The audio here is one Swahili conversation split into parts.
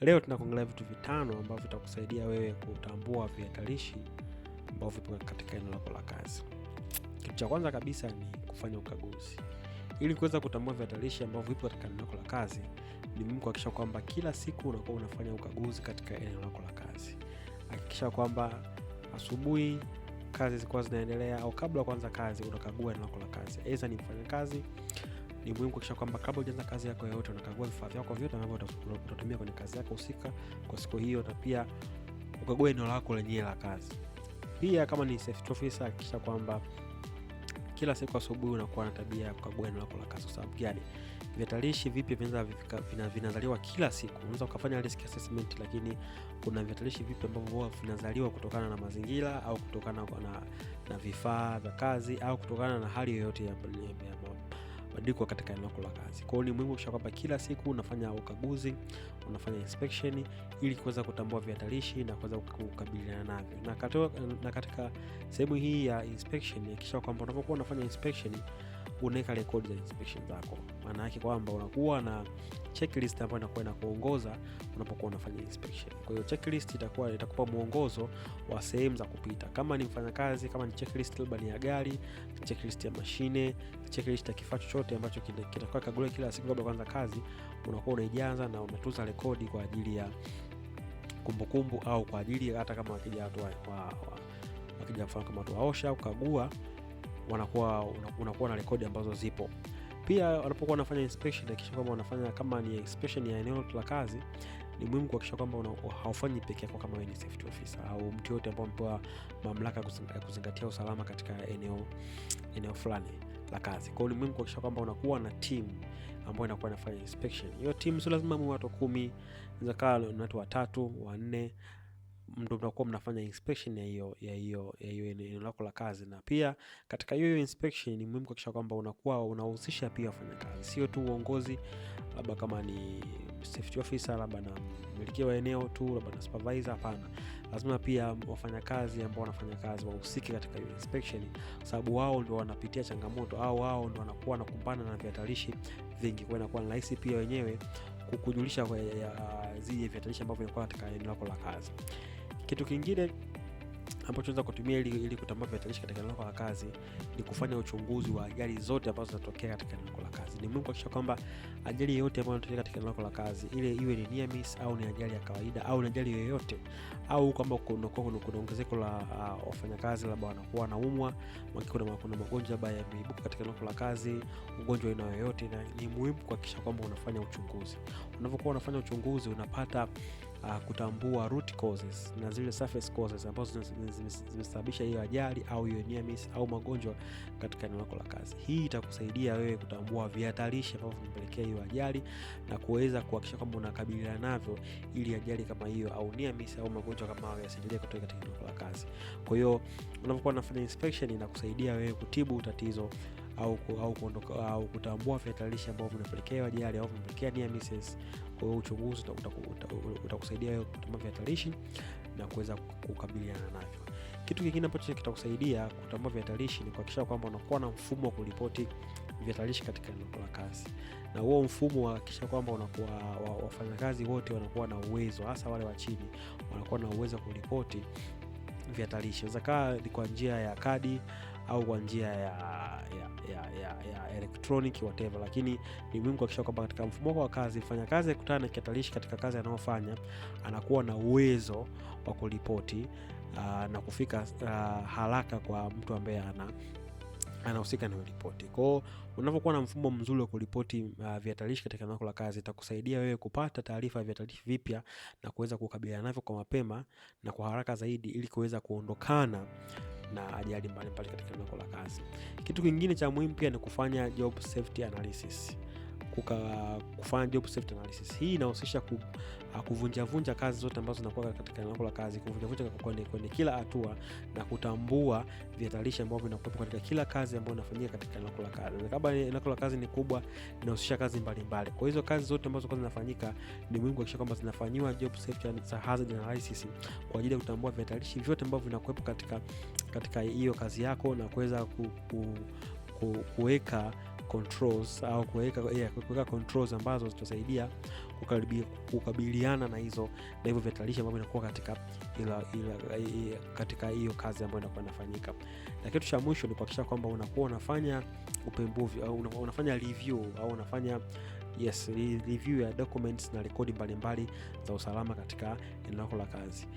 Leo tunakuangalia vitu vitano ambavyo vitakusaidia wewe kutambua vihatarishi ambavyo vipo katika eneo lako la kazi. Kitu cha kwanza kabisa ni kufanya ukaguzi. Ili kuweza kutambua vihatarishi ambavyo vipo katika eneo lako la kazi, ni muhimu kuhakikisha kwamba kila siku unakuwa unafanya ukaguzi katika eneo lako la kazi. Hakikisha kwamba asubuhi kazi zikuwa zinaendelea au kabla ya kuanza kazi unakagua eneo lako la kazi, aidha ni mfanyakazi ni muhimu kuhakikisha kwamba kabla hujaanza kazi yako yoyote, unakagua vifaa vyako vyote ambavyo utatumia kwenye kazi yako husika kwa siku hiyo, na pia ukagua eneo lako lenyewe la kazi. Pia kama ni safety officer, hakikisha kwamba kila siku asubuhi unakuwa na tabia ya kukagua eneo lako la kazi. Kwa sababu gani? Vihatarishi vipi vinazaliwa vina kila siku. Unaweza ukafanya risk assessment, lakini kuna vihatarishi vipi ambavyo huwa vinazaliwa kutokana na mazingira au kutokana na, na, na vifaa vya kazi au kutokana na hali yoyote ya mabadiliko katika eneo lako la kazi. Kwa hiyo ni muhimu kuhakikisha kwamba kila siku unafanya ukaguzi, unafanya inspection ili kuweza kutambua vihatarishi na kuweza kukabiliana navyo. Na katika, na katika sehemu hii ya inspection hakikisha kwamba unapokuwa unafanya inspection unaweka rekodi za inspection zako. Maana yake kwamba unakuwa na checklist ambayo inakuwa inakuongoza unapokuwa unafanya inspection. Kwa hiyo checklist itakuwa itakupa mwongozo wa sehemu za kupita, kama ni mfanyakazi, kama ni checklist labda ni ya gari, checklist ya mashine, checklist ya kifaa chochote ambacho kitakuwa kagule kila siku kabla kuanza kazi, unakuwa unaijaza na unatunza rekodi kwa ajili ya kumbukumbu au kwa ajili hata kama wakija watu wakija kama watu waosha au kagua wanakuwa unakuwa na rekodi ambazo zipo. Pia wanapokuwa wanafanya inspection, hakikisha kwamba wanafanya kama ni inspection ya eneo la kazi, ni muhimu kuhakikisha kwamba haufanyi peke yako kama wewe ni safety officer au mtu yote ambaye amepewa mamlaka ya kuzingatia usalama katika eneo eneo fulani la kazi. Kwa hiyo ni muhimu kuhakikisha kwamba unakuwa na team ambayo inakuwa inafanya inspection. Hiyo team sio lazima mwe watu kumi, inaweza kuwa ni watu watatu, wanne ndo mnakuwa mnafanya inspection ya hiyo ya hiyo ya hiyo eneo lako la kazi, na pia katika hiyo inspection ni muhimu kuhakikisha kwamba unakuwa unahusisha pia wafanyakazi, sio tu uongozi, labda kama ni safety officer, labda na mmiliki wa eneo tu, labda na supervisor. Hapana, lazima pia wafanyakazi ambao wanafanya kazi wahusike katika hiyo inspection, sababu wao ndio wanapitia changamoto au wao ndio wanakuwa wanakumbana na vihatarishi vingi, kwa inakuwa ni rahisi pia wenyewe kukujulisha eh, zile vihatarishi ambavyo vinakuwa katika eneo lako la kazi. Kitu kingine ambacho unaweza kutumia ili, ili kutambua vihatarishi katika eneo lako la kazi ni kufanya uchunguzi wa ajali zote ambazo zinatokea katika eneo lako la kazi. Ni muhimu kuhakikisha kwamba ajali yoyote ambayo inatokea katika eneo lako la kazi, ile iwe ni near miss au ni ajali ya kawaida au ni ajali yoyote, au kwamba kuna kuna ongezeko la uh, wafanyakazi labda wanakuwa wanaumwa, kuna kuna magonjwa labda yameibuka katika eneo la kazi, ugonjwa aina yoyote, na ni muhimu kuhakikisha kwamba unafanya uchunguzi. Unapokuwa unafanya uchunguzi unapata uh, kutambua root causes na zile surface causes ambazo zimesababisha hiyo ajali au hiyo near-miss au magonjwa katika eneo lako la kazi. Hii itakusaidia wewe kutambua vihatarishi ambavyo vimepelekea hiyo ajali na kuweza kuhakikisha kwamba unakabiliana navyo ili ajali kama hiyo au near-miss au magonjwa kama hayo yasiendelee kutokea katika eneo lako la kazi. Kwa hiyo unapokuwa unafanya inspection inakusaidia wewe kutibu tatizo au, au, kuondoka, au kutambua vya hatarishi ambavyo vinapelekea ajali au vinapelekea near misses. Kwa hiyo uchunguzi utakusaidia wewe kutambua vya na kuweza kukabiliana navyo. Kitu kingine ambacho kitakusaidia kutambua vya ni kuhakikisha kwamba unakuwa na mfumo wa kuripoti vya katika eneo la kazi, na huo mfumo unahakikisha kwamba unakuwa wafanyakazi wote wanakuwa na uwezo, hasa wale wa chini wanakuwa na uwezo wa kuripoti vya hatarishi. Inaweza kaa ni kwa njia ya kadi au kwa njia ya, ya, ya, ya, ya electronic whatever, lakini ni muhimu kuhakikisha kwamba katika mfumo wako wa kazi kazi akikutana na kihatarishi katika kazi anayofanya anakuwa na uwezo wa kuripoti uh, na kufika uh, haraka kwa mtu ambaye ana anahusika na ripoti. Kwa hiyo unapokuwa na mfumo mzuri wa kuripoti uh, ah, vihatarishi katika eneo la kazi itakusaidia wewe kupata taarifa ya vihatarishi vipya na kuweza kukabiliana navyo kwa mapema na kwa haraka zaidi ili kuweza kuondokana na ajali mbalimbali katika eneo la kazi. Kitu kingine cha muhimu pia ni kufanya job safety analysis kuka, kufanya job safety analysis. Hii inahusisha ku, ah, kuvunjavunja kazi zote ambazo zinakuwa katika eneo la kazi, kuvunjavunja kwenye, kwenye kila hatua na kutambua vihatarishi ambavyo vinakuwepo katika kila kazi ambayo inafanyika katika eneo la kazi. Na kama eneo la kazi ni kubwa, inahusisha kazi mbalimbali. Kwa hizo kazi zote ambazo kwa zinafanyika, ni muhimu kuhakikisha kwamba zinafanyiwa job safety hazard analysis kwa ajili ya kutambua vihatarishi vyote ambavyo vinakuwepo katika katika hiyo kazi yako na kuweza ku, ku, ku, kuweka controls au kuweka yeah, kuweka controls ambazo zitasaidia kukabiliana na hizo na hivyo vya ambavyo inakuwa katika ila, ila, ila, katika hiyo kazi ambayo inakuwa inafanyika. Na kitu cha mwisho ni kuhakikisha kwamba unakuwa unafanya upembuzi au unafanya review au unafanya yes, review ya documents na rekodi mbalimbali za usalama katika eneo lako la kazi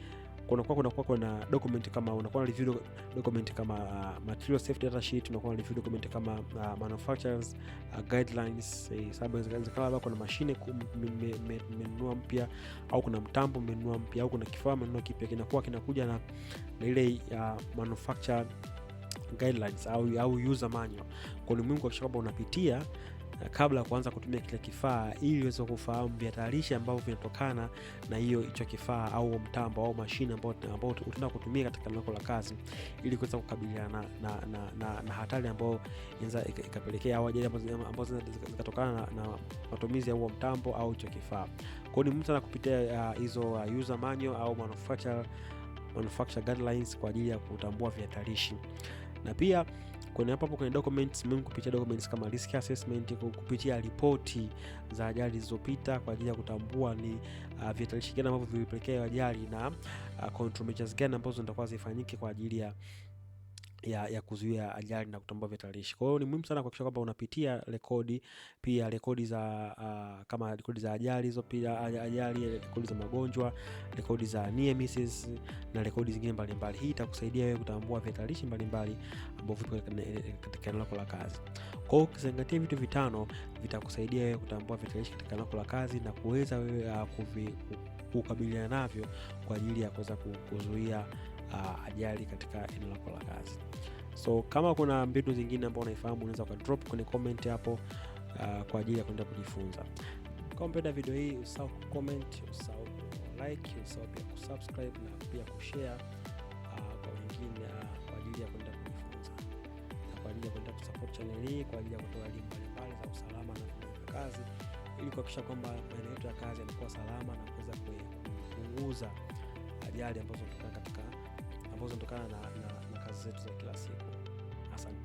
kunakuwa kunakuwa kuna document kama unakuwa na review document kama uh, material safety data sheet, unakuwa na review document kama uh, manufacturers uh, guidelines eh, sababu inaweza kama labda kuna mashine mmenunua mpya au kuna mtambo mmenunua mpya au kuna kifaa mmenunua kipya, kinakuwa kinakuja na, na ile uh, manufacturer guidelines au, au user manual. Kwa ni muhimu kuhakikisha kwamba unapitia kabla ya kuanza kutumia kile kifaa, ili uweze kufahamu vihatarishi ambavyo vinatokana na hiyo hicho kifaa au mtambo au mashine ambao utaenda kutumia katika lengo la kazi, ili kuweza kukabiliana na, na, na, na, na hatari ambayo inaweza ikapelekea au ajali ambazo zikatokana na, na matumizi ya huo mtambo au hicho kifaa. Kwa hiyo ni muhimu sana kupitia uh, hizo uh, uh, user manual au manufacturer manufacturer guidelines kwa ajili ya kutambua vihatarishi na pia kwenye hapo hapo kwenye documents, muhimu kupitia documents kama risk assessment, kupitia ripoti za ajali zilizopita kwa ajili ya kutambua ni uh, vihatarishi gani ambavyo vilipelekea ajali na uh, measures gani ambazo zitakuwa zifanyike kwa ajili ya ya, ya kuzuia ajali na kutambua vihatarishi. Kwa hiyo ni muhimu sana kuhakikisha kwamba unapitia rekodi pia rekodi za uh, kama rekodi za ajali hizo pia ajali, rekodi za magonjwa, rekodi za near misses na rekodi zingine mbalimbali. Hii itakusaidia wewe kutambua vihatarishi mbalimbali ambavyo vipo e, katika eneo lako la kazi. Kwa hiyo ukizingatia vitu vitano vitakusaidia wewe kutambua vihatarishi katika eneo lako la kazi na kuweza wewe uh, kukabiliana navyo kwa ajili ya kuweza kuzuia uh, ajali katika eneo lako la kazi. So kama kuna mbinu zingine ambao unaifahamu unaweza ku drop kwenye comment hapo uh, kwa ajili ya kwenda kujifunza. Kama umependa video hii usahau ku comment, usahau ku like, usahau pia ku subscribe na pia ku share uh, kwa wengine uh, kwa ajili ya kwenda kujifunza. Na kwa ajili ya kwenda support channel hii kwa ajili ya kutoa elimu mbalimbali za usalama na kazi ili kuhakikisha kwamba maeneo yetu ya kazi yanakuwa salama na kuweza kupunguza ajali ambazo zinatokana katika ambazo zinatokana na, na, na kazi zetu za kila siku. Asante.